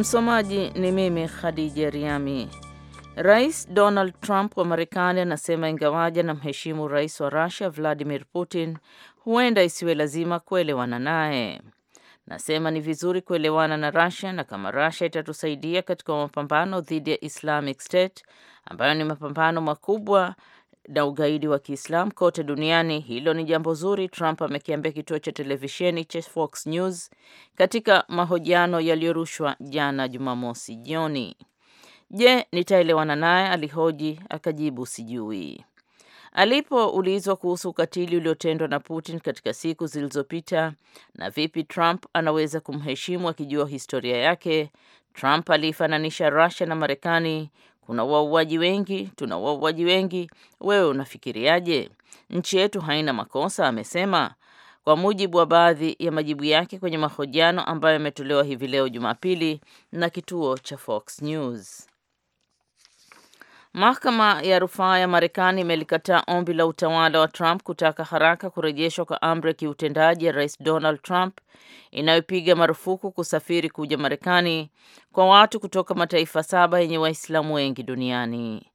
Msomaji ni mimi Khadija Riami. Rais Donald Trump wa Marekani anasema ingawaja na mheshimu rais wa rusia Vladimir Putin, huenda isiwe lazima kuelewana naye. Nasema ni vizuri kuelewana na rasia na kama rusia itatusaidia katika mapambano dhidi ya Islamic State ambayo ni mapambano makubwa na ugaidi wa Kiislamu kote duniani, hilo ni jambo zuri, Trump amekiambia kituo cha televisheni cha Fox News katika mahojiano yaliyorushwa jana Jumamosi jioni. Je, nitaelewana naye? Alihoji, akajibu sijui. Alipoulizwa kuhusu ukatili uliotendwa na Putin katika siku zilizopita na vipi Trump anaweza kumheshimu akijua historia yake, Trump aliifananisha Russia na Marekani kuna wauaji wengi, tuna wauaji wengi, wewe unafikiriaje? Nchi yetu haina makosa, amesema. Kwa mujibu wa baadhi ya majibu yake kwenye mahojiano ambayo yametolewa hivi leo Jumapili na kituo cha Fox News. Mahakama ya rufaa ya Marekani imelikataa ombi la utawala wa Trump kutaka haraka kurejeshwa kwa amri ya kiutendaji ya Rais Donald Trump inayopiga marufuku kusafiri kuja Marekani kwa watu kutoka mataifa saba yenye Waislamu wengi duniani.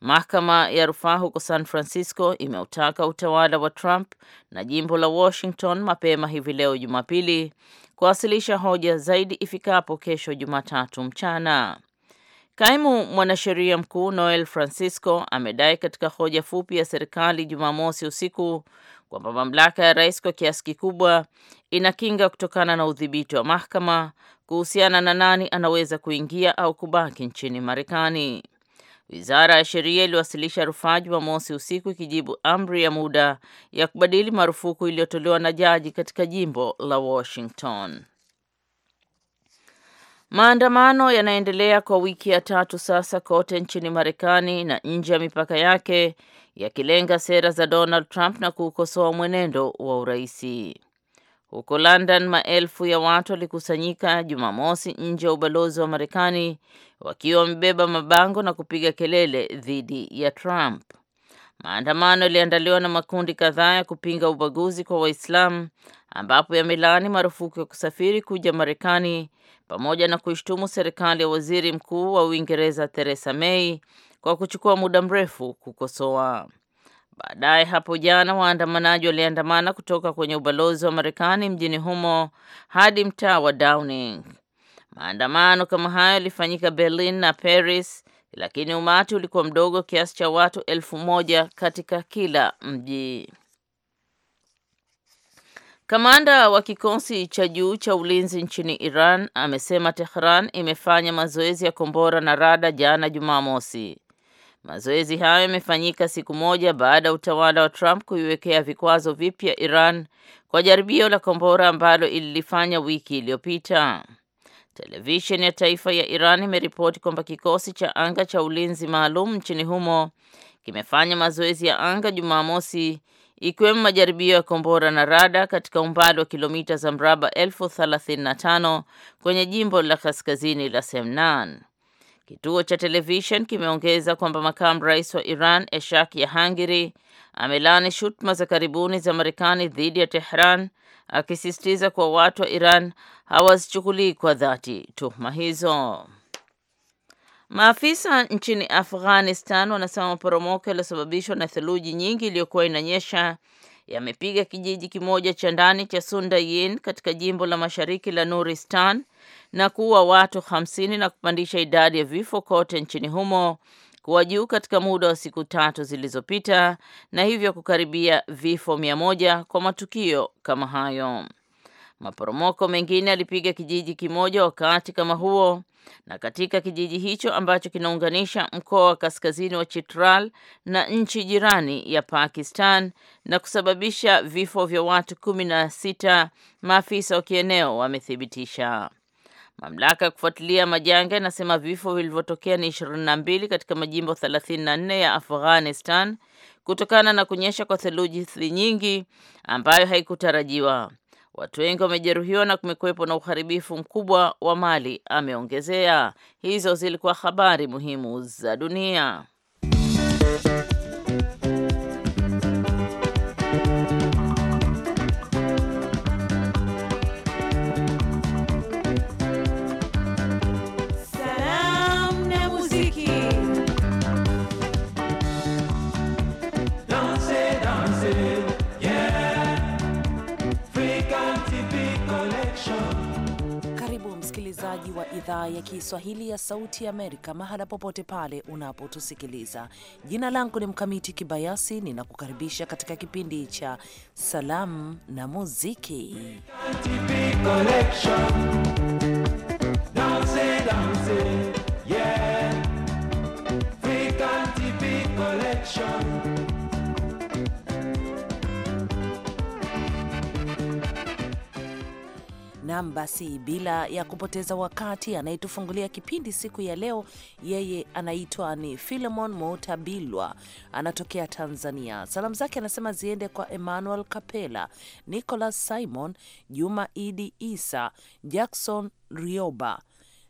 Mahakama ya rufaa huko San Francisco imeutaka utawala wa Trump na jimbo la Washington mapema hivi leo Jumapili kuwasilisha hoja zaidi ifikapo kesho Jumatatu mchana. Kaimu mwanasheria mkuu Noel Francisco amedai katika hoja fupi ya serikali Jumamosi usiku kwamba mamlaka ya rais kwa kiasi kikubwa inakinga kutokana na udhibiti wa mahakama kuhusiana na nani anaweza kuingia au kubaki nchini Marekani. Wizara ya Sheria iliwasilisha rufaa Jumamosi usiku ikijibu amri ya muda ya kubadili marufuku iliyotolewa na jaji katika jimbo la Washington. Maandamano yanaendelea kwa wiki ya tatu sasa kote nchini Marekani na nje ya mipaka yake yakilenga sera za Donald Trump na kuukosoa mwenendo wa uraisi. Huko London, maelfu ya watu walikusanyika Jumamosi nje ya ubalozi wa Marekani wakiwa wamebeba mabango na kupiga kelele dhidi ya Trump. Maandamano yaliandaliwa na makundi kadhaa ya kupinga ubaguzi kwa Waislamu ambapo yamelaani marufuku ya kusafiri kuja Marekani pamoja na kuishtumu serikali ya waziri mkuu wa Uingereza Theresa May kwa kuchukua muda mrefu kukosoa. Baadaye hapo jana, waandamanaji waliandamana kutoka kwenye ubalozi wa Marekani mjini humo hadi mtaa wa Downing. Maandamano kama hayo yalifanyika Berlin na Paris, lakini umati ulikuwa mdogo kiasi cha watu elfu moja katika kila mji. Kamanda wa kikosi cha juu cha ulinzi nchini Iran amesema Tehran imefanya mazoezi ya kombora na rada jana Jumamosi. Mazoezi hayo yamefanyika siku moja baada ya utawala wa Trump kuiwekea vikwazo vipya Iran kwa jaribio la kombora ambalo ililifanya wiki iliyopita. Televisheni ya taifa ya Iran imeripoti kwamba kikosi cha anga cha ulinzi maalum nchini humo kimefanya mazoezi ya anga Jumamosi ikiwemo majaribio ya kombora na rada katika umbali wa kilomita za mraba elfu thelathini na tano kwenye jimbo la kaskazini la Semnan. Kituo cha televishen kimeongeza kwamba makamu rais wa Iran Eshak Yahangiri amelaani shutuma za karibuni za Marekani dhidi ya Tehran, akisisitiza kuwa watu wa Iran hawazichukulii kwa dhati tuhuma hizo. Maafisa nchini Afghanistan wanasema maporomoko yaliyosababishwa na theluji nyingi iliyokuwa inanyesha yamepiga kijiji kimoja cha ndani cha Sundayin katika jimbo la mashariki la Nuristan na kuua watu hamsini na kupandisha idadi ya vifo kote nchini humo kuwa juu katika muda wa siku tatu zilizopita na hivyo kukaribia vifo mia moja kwa matukio kama hayo. Maporomoko mengine alipiga kijiji kimoja wakati kama huo, na katika kijiji hicho ambacho kinaunganisha mkoa wa kaskazini wa Chitral na nchi jirani ya Pakistan na kusababisha vifo vya watu kumi na sita, maafisa wa kieneo wamethibitisha. Mamlaka ya kufuatilia majanga inasema vifo vilivyotokea ni 22 katika majimbo 34 ya Afghanistan kutokana na kunyesha kwa theluji nyingi ambayo haikutarajiwa. Watu wengi wamejeruhiwa na kumekuwepo na uharibifu mkubwa wa mali, ameongezea. Hizo zilikuwa habari muhimu za dunia. msikilizaji wa idhaa ya Kiswahili ya Sauti ya Amerika mahala popote pale unapotusikiliza. Jina langu ni Mkamiti Kibayasi, ninakukaribisha katika kipindi cha Salamu na Muziki. Dance, dance. Nam, basi bila ya kupoteza wakati, anayetufungulia kipindi siku ya leo yeye anaitwa ni Filemon motabilwa anatokea Tanzania. Salamu zake anasema ziende kwa Emmanuel Kapela, Nicholas Simon, Juma Idi Isa, Jackson Rioba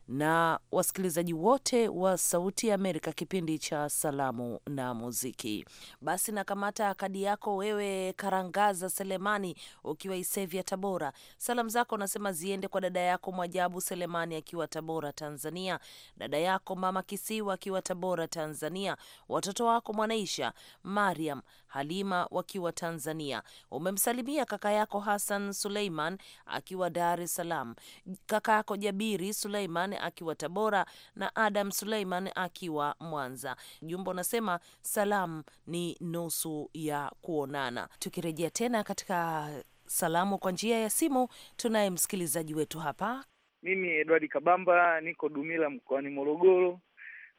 na wasikilizaji wote wa Sauti ya Amerika kipindi cha Salamu na Muziki. Basi nakamata kadi yako wewe, Karangaza Selemani ukiwa Isevya, Tabora. Salamu zako unasema ziende kwa dada yako Mwajabu Selemani akiwa Tabora, Tanzania, dada yako Mama Kisiwa akiwa Tabora, Tanzania, watoto wako Mwanaisha, Mariam, Halima wakiwa Tanzania. Umemsalimia kaka yako Hassan Suleiman akiwa Dar es Salaam, kaka yako Jabiri Suleiman akiwa Tabora na Adam Suleiman akiwa Mwanza. Jumba unasema salamu ni nusu ya kuonana. Tukirejea tena katika salamu kwa njia ya simu, tunaye msikilizaji wetu hapa. Mimi Edward Kabamba niko Dumila mkoani Morogoro.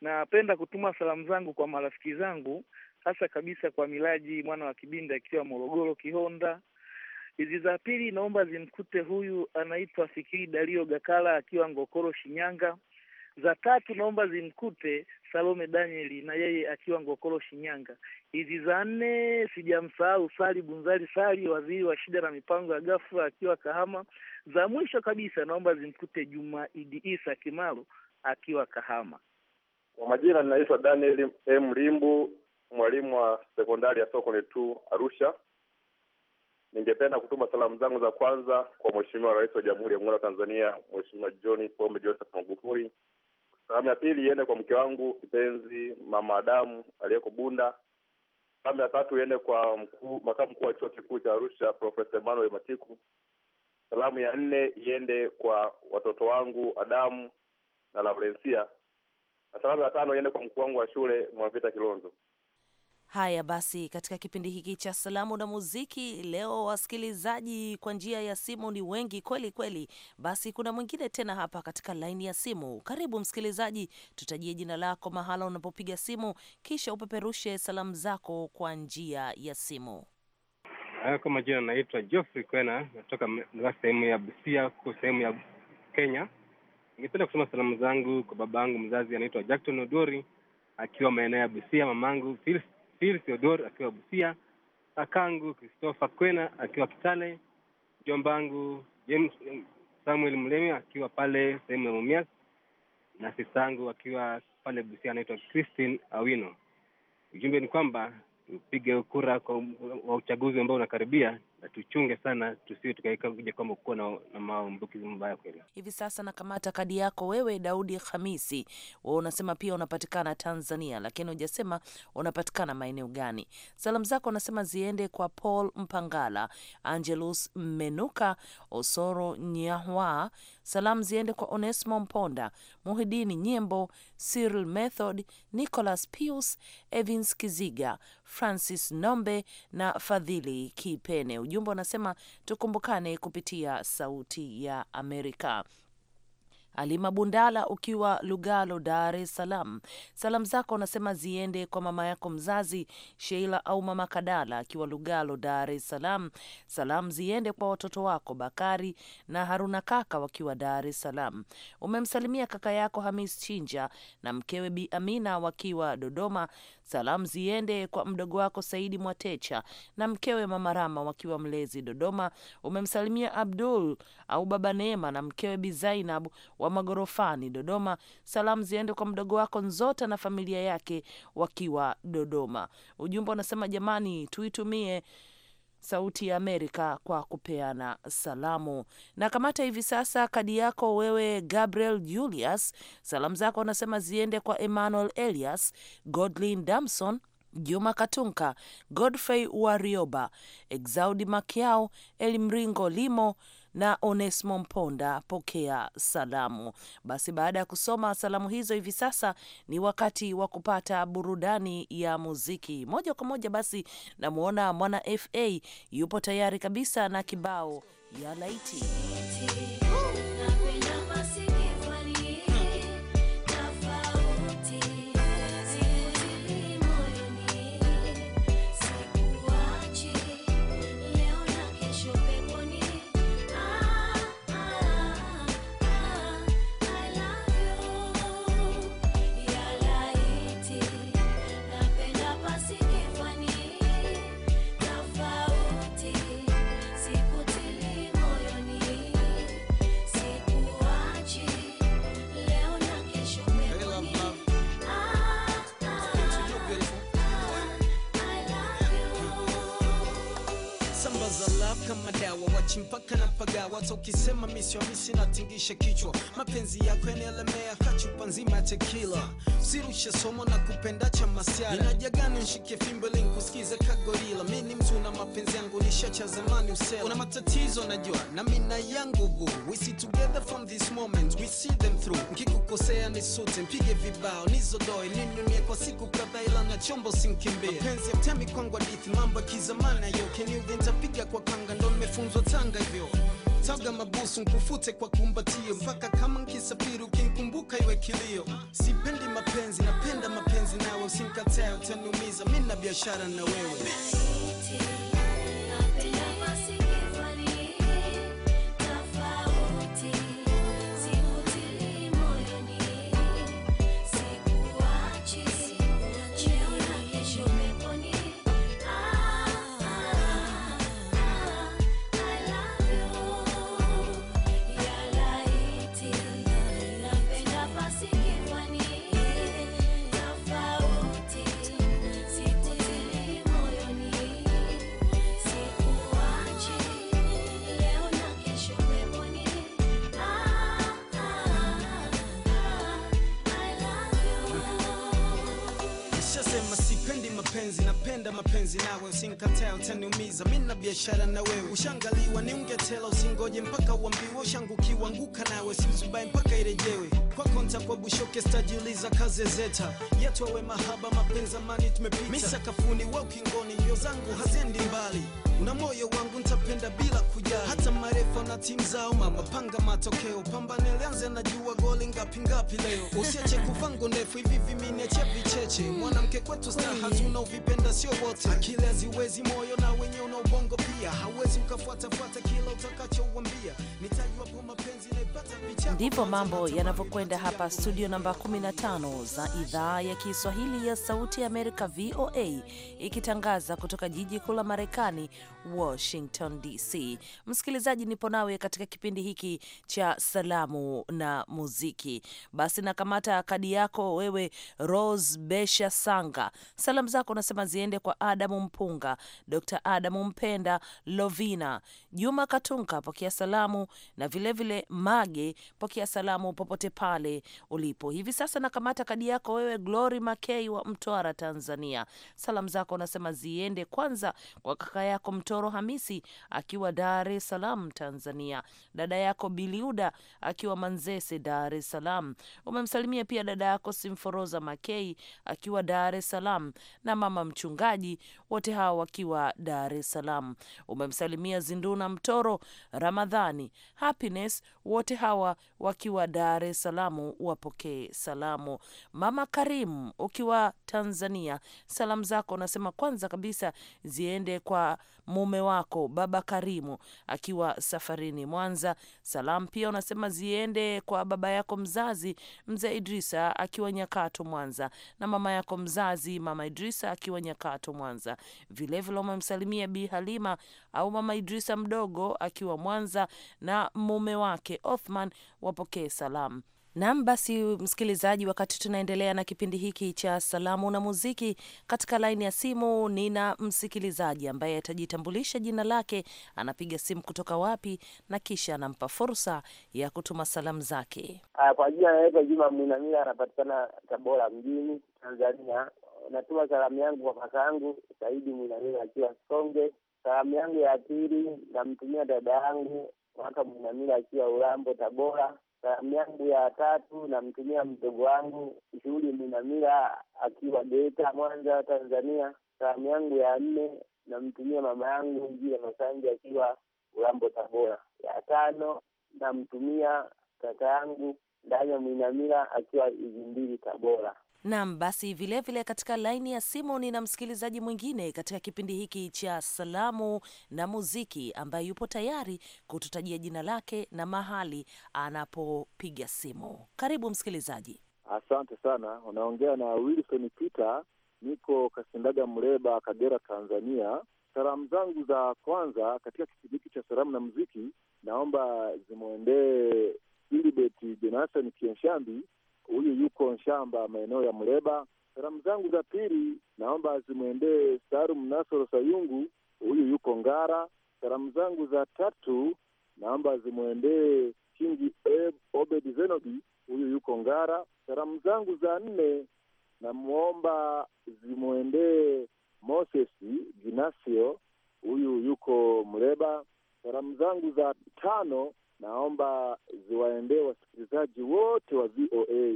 Napenda kutuma salamu zangu kwa marafiki zangu hasa kabisa kwa Milaji mwana wa Kibinda akiwa Morogoro Kihonda. Hizi za pili naomba zimkute huyu anaitwa Fikiri dario Gakala akiwa Ngokoro Shinyanga. Za tatu naomba zimkute Salome Danieli na yeye akiwa Ngokoro Shinyanga. Hizi za nne sijamsahau Sali Bunzali Sali, waziri wa shida na mipango ya ghafla akiwa Kahama. Za mwisho kabisa naomba zimkute Juma Idi Isa Kimalo akiwa Kahama. Kwa majina ninaitwa Danieli M. Limbu mwalimu wa sekondari ya Sokoni tu Arusha. Ningependa kutuma salamu zangu za kwanza kwa Mheshimiwa Rais wa Jamhuri ya Muungano wa Tanzania, Mheshimiwa John Pombe Joseph Magufuli. Salamu ya pili iende kwa mke wangu kipenzi Mama Adamu aliyeko Bunda. Salamu ya tatu iende kwa mkuu, makamu mkuu wa chuo kikuu cha Arusha Profesa Emmanuel Matiku. Salamu ya nne iende kwa watoto wangu Adamu na Laurencia, na salamu ya tano iende kwa mkuu wangu wa shule Mwavita Kilonzo. Haya basi, katika kipindi hiki cha salamu na muziki leo, wasikilizaji kwa njia ya simu ni wengi kweli kweli. Basi kuna mwingine tena hapa katika laini ya simu. Karibu msikilizaji, tutajie jina lako, mahala unapopiga simu, kisha upeperushe salamu zako kwa njia ya simu. Kwa majina naitwa Geoffrey Kwena, natoka sehemu ya Busia, sehemu ya Kenya. Ningependa kusoma salamu zangu kwa babangu mzazi anaitwa Jackton Odori akiwa maeneo ya Busia, mamangu Phil Theodore akiwa Busia, akangu Christopher Kwena akiwa Kitale, Jombangu James Samuel Mlemi akiwa pale sehemu ya Mumias na sisangu akiwa pale Busia anaitwa Christine Awino. Ujumbe ni kwamba tupige kura kwa uchaguzi ambao unakaribia na tuchunge sana tusiwe tukaja kwamba kukuwa na, na maambukizi mabaya kweli. Hivi sasa nakamata kadi yako wewe, Daudi Hamisi, wa unasema pia unapatikana Tanzania, lakini hujasema unapatikana maeneo gani. Salamu zako unasema ziende kwa Paul Mpangala, Angelus menuka Osoro Nyahwa. Salamu ziende kwa onesimo Mponda, Muhidini Nyembo, Cyril Method, nicolas Pius, Evins Kiziga, Francis Nombe na Fadhili Kipene ujumbe unasema tukumbukane kupitia Sauti ya Amerika. alima Bundala ukiwa Lugalo, Dar es Salaam, salamu zako unasema ziende kwa mama yako mzazi Sheila au mama Kadala akiwa Lugalo, Dar es Salaam. Salamu ziende kwa watoto wako Bakari na Haruna kaka wakiwa Dar es Salaam. Umemsalimia kaka yako Hamis Chinja na mkewe Bi Amina wakiwa Dodoma. Salamu ziende kwa mdogo wako Saidi Mwatecha na mkewe Mama Rama wakiwa Mlezi, Dodoma. Umemsalimia Abdul au Baba Neema na mkewe Bi Zainab wa Magorofani, Dodoma. Salamu ziende kwa mdogo wako Nzota na familia yake wakiwa Dodoma. Ujumbe unasema jamani, tuitumie Sauti ya Amerika kwa kupeana salamu. Na kamata hivi sasa kadi yako wewe, Gabriel Julius. Salamu zako unasema ziende kwa Emmanuel Elias, Godlin Damson, Juma Katunka, Godfrey Warioba, Exaudi Makiao, Elimringo Limo na Onesmo Mponda, pokea salamu. Basi baada ya kusoma salamu hizo, hivi sasa ni wakati wa kupata burudani ya muziki moja kwa moja. Basi namwona mwana FA yupo tayari kabisa na kibao ya laiti dawa wachimpaka na pagawa hata ukisema misiamisi natingisha kichwa mapenzi yako yanaelemea kachupa nzima ya tekila sirushe somo na kupenda cha masiara inajagani nshike fimbo linkusikiza mapenzi yangu ni shacha zamani usela. Una matatizo najua, na mina yangu boo. We see together from this moment, we see them through. Nkikukosea ni sute, mpige vibao, nizodoe, ninunie kwa siku kadhaa, ila na chombo sinkimbie. Mapenzi yatemi kwangu hadithi, mambo kizamani hayo. Keniudhi nitapiga kwa kanga, ndo nimefunzwa Tanga hivyo taga mabusu nkufute kwa kumbatio mpaka kama nkisafiri ukinkumbuka iwe kilio. Sipendi mapenzi, napenda mapenzi nawe, usinikataa utaniumiza. Mimi na biashara na wewe. mapenzi napenda mapenzi nawe, usinikataa utaniumiza, mimi na biashara na wewe, ushangaliwa ni ungetela, usingoje mpaka uambiwe, ushangukiwa nguka nawe, siuzubai mpaka irejewe kwa konta stajiuliza, kaze zeta yetu awe mahaba, mapenzi amani tumepita, misakafuni wa wewe ukingoni, yozangu zangu haziendi mbali Una moyo wangu nitapenda bila kuja hata marefa na timu zao mama, panga matokeo, pambane lianze, najua goli ngapi ngapi leo, usiache kuvango ndefu hivi viminiache vicheche. Mwanamke kwetu star, hatuna uvipenda sio wote, akili haziwezi moyo na wenye una ubongo pia, hauwezi ukafuatafuata kila utakachouambia, nitajua kwa Ndivyo mambo yanavyokwenda hapa studio namba 15 za idhaa ya Kiswahili ya Sauti ya Amerika, VOA, ikitangaza kutoka jiji kuu la Marekani, Washington DC. Msikilizaji, nipo nawe katika kipindi hiki cha salamu na muziki. Basi nakamata kadi yako wewe, Rose Besha Sanga. Salamu zako unasema ziende kwa Adamu Mpunga, Dr Adamu Mpenda, Lovina Juma Katunka, pokea salamu na vilevile vile Mage Pokea salamu popote pale ulipo hivi sasa. Nakamata kadi yako wewe, Glory Makei wa Mtwara, Tanzania. Salamu zako unasema ziende kwanza kwa kaka yako Mtoro Hamisi akiwa Dar es Salaam, Tanzania, dada yako Biliuda akiwa Manzese, Dar es Salaam. Umemsalimia pia dada yako Simforoza Makei akiwa Dar es Salaam na mama mchungaji, wote hawa wakiwa Dar es Salaam. Umemsalimia Zinduna Mtoro, Ramadhani, Happiness, wote hawa hawa wakiwa Dar es Salaam wapokee salamu. Mama Karimu, ukiwa Tanzania, salamu zako unasema kwanza kabisa ziende kwa mume wako baba Karimu akiwa safarini Mwanza. Salamu pia unasema ziende kwa baba yako mzazi mzee Idrisa akiwa Nyakato Mwanza, na mama yako mzazi mama Idrisa akiwa Nyakato Mwanza. Vilevile umemsalimia Bi Halima au mama Idrisa mdogo akiwa Mwanza na mume wake Othman wapokee salamu. Nam, basi msikilizaji, wakati tunaendelea na kipindi hiki cha salamu na muziki, katika laini ya simu nina msikilizaji ambaye atajitambulisha jina lake, anapiga simu kutoka wapi, na kisha anampa fursa ya kutuma salamu zake. Kwa jina naitwa Juma Mwinamila, anapatikana Tabora mjini, Tanzania. Natuma salamu yangu kwa yangu Saidi Mwinamila akiwa Songe Salamu yangu ya pili namtumia dada yangu mwaka Mwinamila akiwa Urambo, Tabora. Salamu yangu ya tatu namtumia mdogo wangu shughuli Mwinamila akiwa Geita, Mwanza, Tanzania. Salamu yangu ya nne namtumia mama yangu Njila masanji akiwa Urambo, Tabora. Ya tano namtumia kaka yangu ndani ya Mwinamila akiwa Izimbili, Tabora. Nam, basi vilevile vile katika laini ya simu nina msikilizaji mwingine katika kipindi hiki cha salamu na muziki ambaye yupo tayari kututajia jina lake na mahali anapopiga simu. Karibu msikilizaji. Asante sana, unaongea na Wilson Peter, niko Kasindaga mreba Kagera, Tanzania. Salamu zangu za kwanza katika kipindi hiki cha salamu na muziki naomba zimwendee Ilibet Jonathan Kienshambi huyu yuko Nshamba, maeneo ya Mleba. Salamu zangu za pili naomba zimwendee Salum Nasoro Sayungu, huyu yuko Ngara. Salamu zangu za tatu naomba zimwendee Kingi Obed Zenobi, huyu yuko Ngara. Salamu zangu za nne namwomba zimwendee Moses Ginasio, huyu yuko Mleba. Salamu zangu za tano naomba ziwaendee wasikilizaji wote wa VOA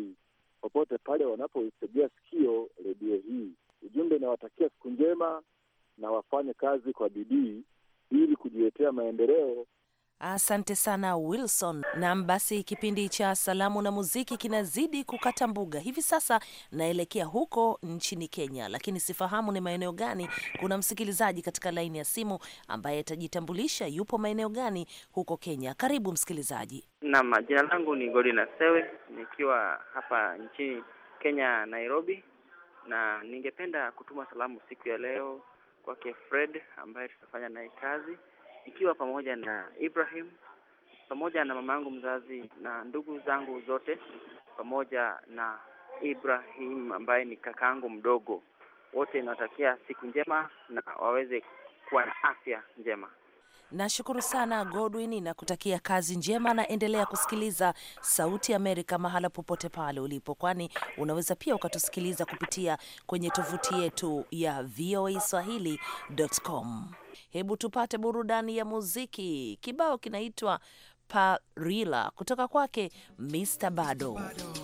popote pale wanapoisegea sikio redio hii. Ujumbe inawatakia siku njema na wafanye kazi kwa bidii ili kujiletea maendeleo Asante sana Wilson. Nam, basi kipindi cha salamu na muziki kinazidi kukata mbuga. Hivi sasa naelekea huko nchini Kenya, lakini sifahamu ni maeneo gani. Kuna msikilizaji katika laini ya simu ambaye atajitambulisha yupo maeneo gani huko Kenya. Karibu msikilizaji. Nam, jina langu ni Godina Sewe, nikiwa hapa nchini Kenya, Nairobi, na ningependa kutuma salamu siku ya leo kwake Fred ambaye tutafanya naye kazi ikiwa pamoja na Ibrahim pamoja na mama yangu mzazi na ndugu zangu zote pamoja na Ibrahim ambaye ni kakaangu mdogo. Wote nawatakia siku njema na waweze kuwa na afya njema. Nashukuru sana Godwin na kutakia kazi njema, na endelea kusikiliza Sauti ya Amerika mahala popote pale ulipo, kwani unaweza pia ukatusikiliza kupitia kwenye tovuti yetu ya voaswahili.com. Hebu tupate burudani ya muziki. Kibao kinaitwa Parila kutoka kwake Mr Bado, Bado.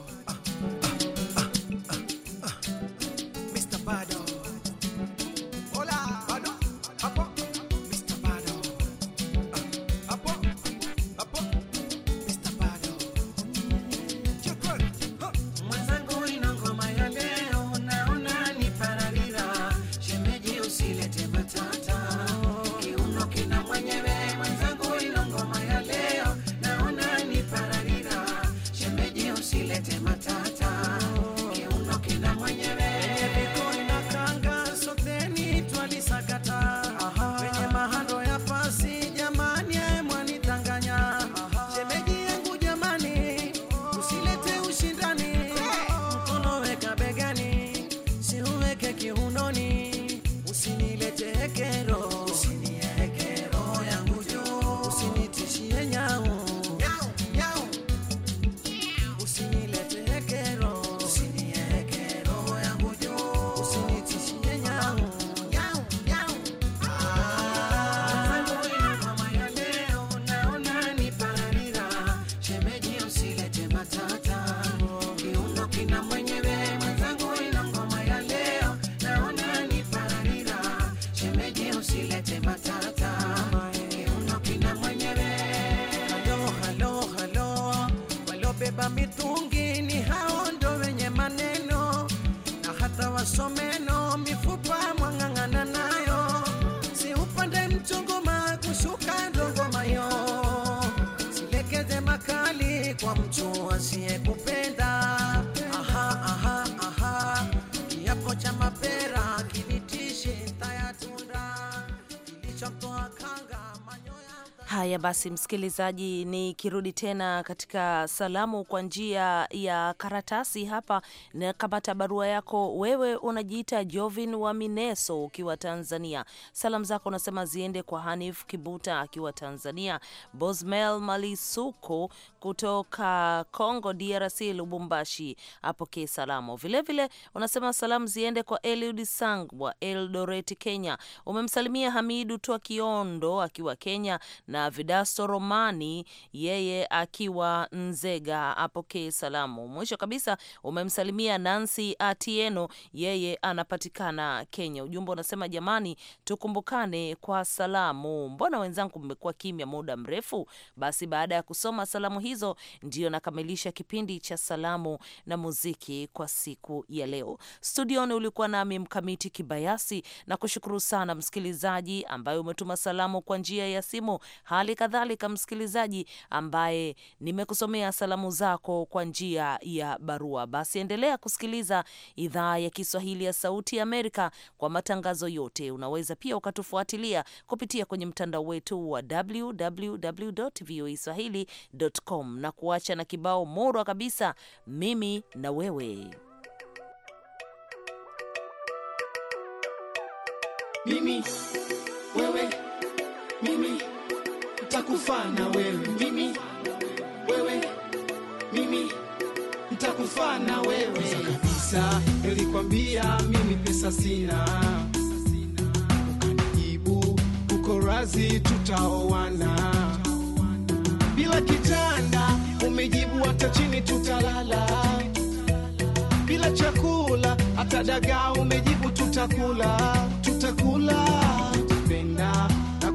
Haya basi, msikilizaji, nikirudi tena katika salamu kwa njia ya karatasi hapa, nakapata barua yako. Wewe unajiita Jovin wa Mineso ukiwa Tanzania. Salamu zako unasema ziende kwa Hanif Kibuta akiwa Tanzania, Bosmel Malisuko kutoka Congo DRC, Lubumbashi apokee salamu vilevile. Vile, unasema salamu ziende kwa Eliud Sangwa Eldoreti, Kenya. Umemsalimia Hamidu Twakiondo akiwa Kenya na Vidaso Romani, yeye akiwa Nzega, apokee salamu. Mwisho kabisa umemsalimia Nancy Atieno, yeye anapatikana Kenya. Ujumbe unasema jamani, tukumbukane kwa salamu, mbona wenzangu mmekuwa kimya muda mrefu? Basi baada ya kusoma salamu hizo, ndiyo nakamilisha kipindi cha salamu na muziki kwa siku ya leo. Studioni ulikuwa nami Mkamiti Kibayasi, na kushukuru sana msikilizaji ambaye umetuma salamu kwa njia ya simu ha hali kadhalika msikilizaji ambaye nimekusomea salamu zako kwa njia ya barua. Basi endelea kusikiliza idhaa ya Kiswahili ya Sauti ya Amerika kwa matangazo yote. Unaweza pia ukatufuatilia kupitia kwenye mtandao wetu wa www swahili.com, na kuacha na kibao morwa kabisa, mimi na wewe mimi. nitakufana wewe mimi, wewe mimi nitakufana wewe kabisa. Nilikwambia mimi pesa sina, ukanijibu uko razi, tutaoana bila kitanda. Umejibu hata chini tutalala bila chakula, hata dagaa umejibu tutakula, tutakula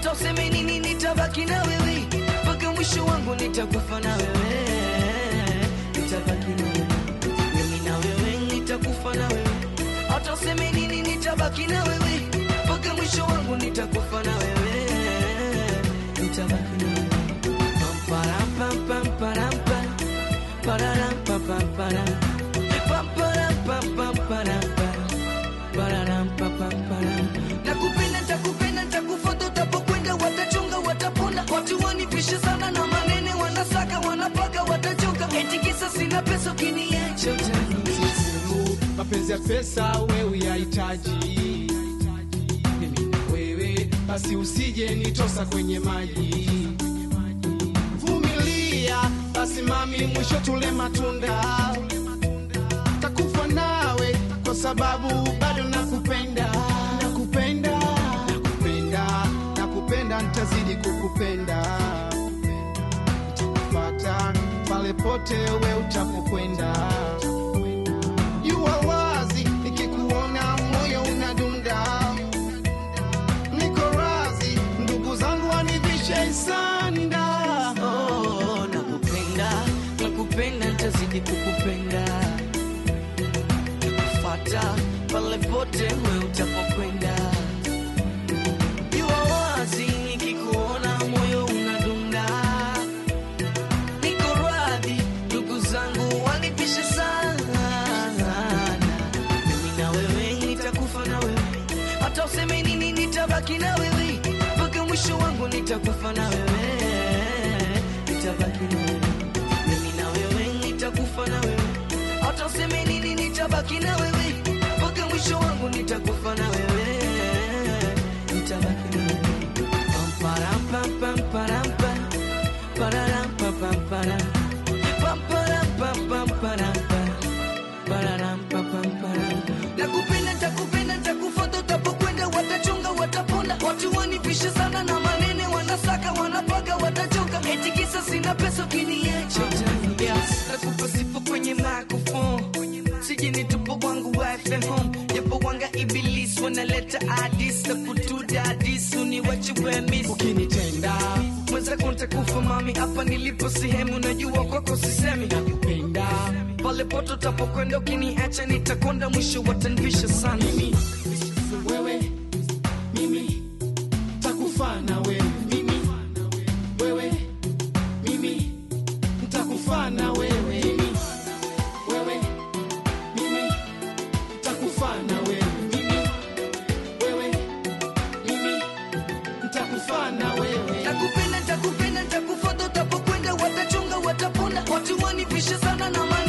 hata useme nini, nitabaki na wewe mpaka mwisho wangu, nitakufa na wewe, nitabaki na wewe, mimi na wewe nitakufa na wewe, hata useme nini, nitabaki na wewe mpaka mwisho wangu, nitakufa na wewe, nitabaki na wewe pesa wewe yahitaji mimi na wewe, basi usije nitosa kwenye maji. Vumilia basi mami, mwisho tule matunda, takufa nawe kwa sababu bado nakupenda, nakupenda, nakupenda, nakupenda, ntazidi kukupenda, pale pote we utapokwenda. kubaki na wewe mpaka mwisho wangu, nitakufa na wewe, nitabaki na wewe, mimi na wewe nitakufa na wewe, hata useme nini, nitabaki na wewe mpaka mwisho wangu, nitakufa na wewe, nitabaki na wewe pamparam Sina pesa ukiniacha utalia, nakupa sifa kwenye microphone, sijini tupo wangu wife and home, japo wanga ibilisi wanaleta hadis na kutuda hadis, uniwache wemis ukinitenda mweza konta kufa mami, hapa nilipo sehemu, najua kwako sisemi nakupenda, pale poto tapokwenda ukiniacha, nitakonda mwisho watanvisha sana mimi Majuani pishe sana na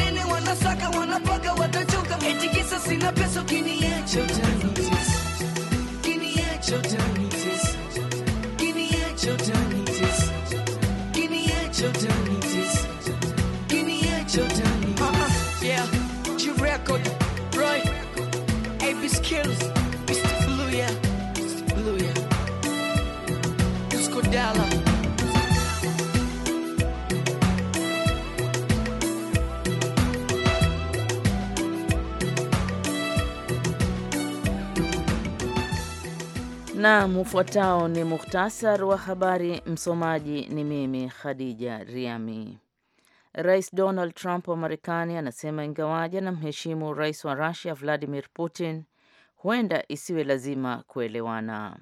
Na ufuatao ni muhtasar wa habari. Msomaji ni mimi Khadija Riami. Rais Donald Trump wa Marekani anasema ingawaji mheshimu rais wa rusia Vladimir Putin, huenda isiwe lazima kuelewana.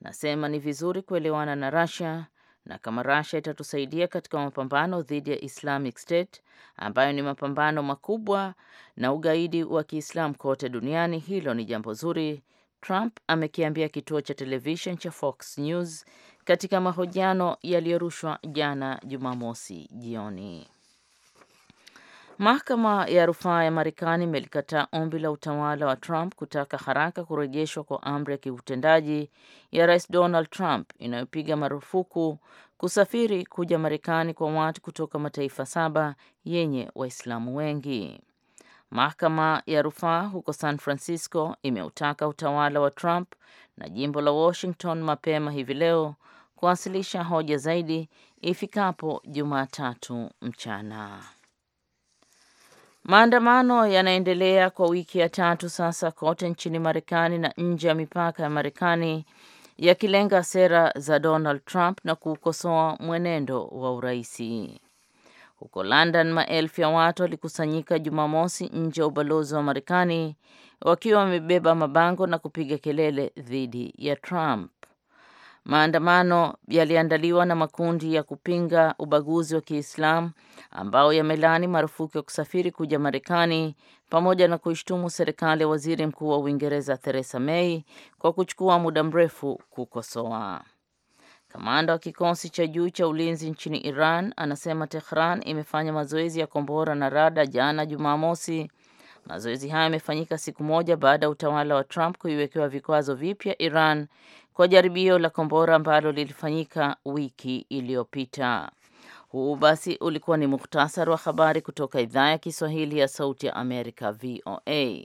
Nasema ni vizuri kuelewana na rasia na kama Russia itatusaidia katika mapambano dhidi ya Islamic State ambayo ni mapambano makubwa na ugaidi wa Kiislamu kote duniani, hilo ni jambo zuri Trump amekiambia kituo cha televishen cha Fox News katika mahojiano yaliyorushwa jana Jumamosi jioni. Mahakama ya rufaa ya Marekani imelikataa ombi la utawala wa Trump kutaka haraka kurejeshwa kwa amri ya kiutendaji ya Rais Donald Trump inayopiga marufuku kusafiri kuja Marekani kwa watu kutoka mataifa saba yenye Waislamu wengi. Mahakama ya rufaa huko San Francisco imeutaka utawala wa Trump na jimbo la Washington mapema hivi leo kuwasilisha hoja zaidi ifikapo Jumatatu mchana. Maandamano yanaendelea kwa wiki ya tatu sasa kote nchini Marekani na nje ya mipaka ya Marekani yakilenga sera za Donald Trump na kuukosoa mwenendo wa uraisi. Huko London, maelfu ya watu walikusanyika Jumamosi nje ya ubalozi wa Marekani wakiwa wamebeba mabango na kupiga kelele dhidi ya Trump. Maandamano yaliandaliwa na makundi ya kupinga ubaguzi wa Kiislamu ambao yamelaani marufuku ya kusafiri kuja Marekani pamoja na kuishtumu serikali ya Waziri Mkuu wa Uingereza Theresa May kwa kuchukua muda mrefu kukosoa. Kamanda wa kikosi cha juu cha ulinzi nchini Iran anasema Tehran imefanya mazoezi ya kombora na rada jana Jumamosi. Mazoezi hayo yamefanyika siku moja baada ya utawala wa Trump kuiwekewa vikwazo vipya Iran kwa jaribio la kombora ambalo lilifanyika wiki iliyopita. Huu basi ulikuwa ni muhtasari wa habari kutoka idhaa ya Kiswahili ya Sauti ya Amerika, VOA.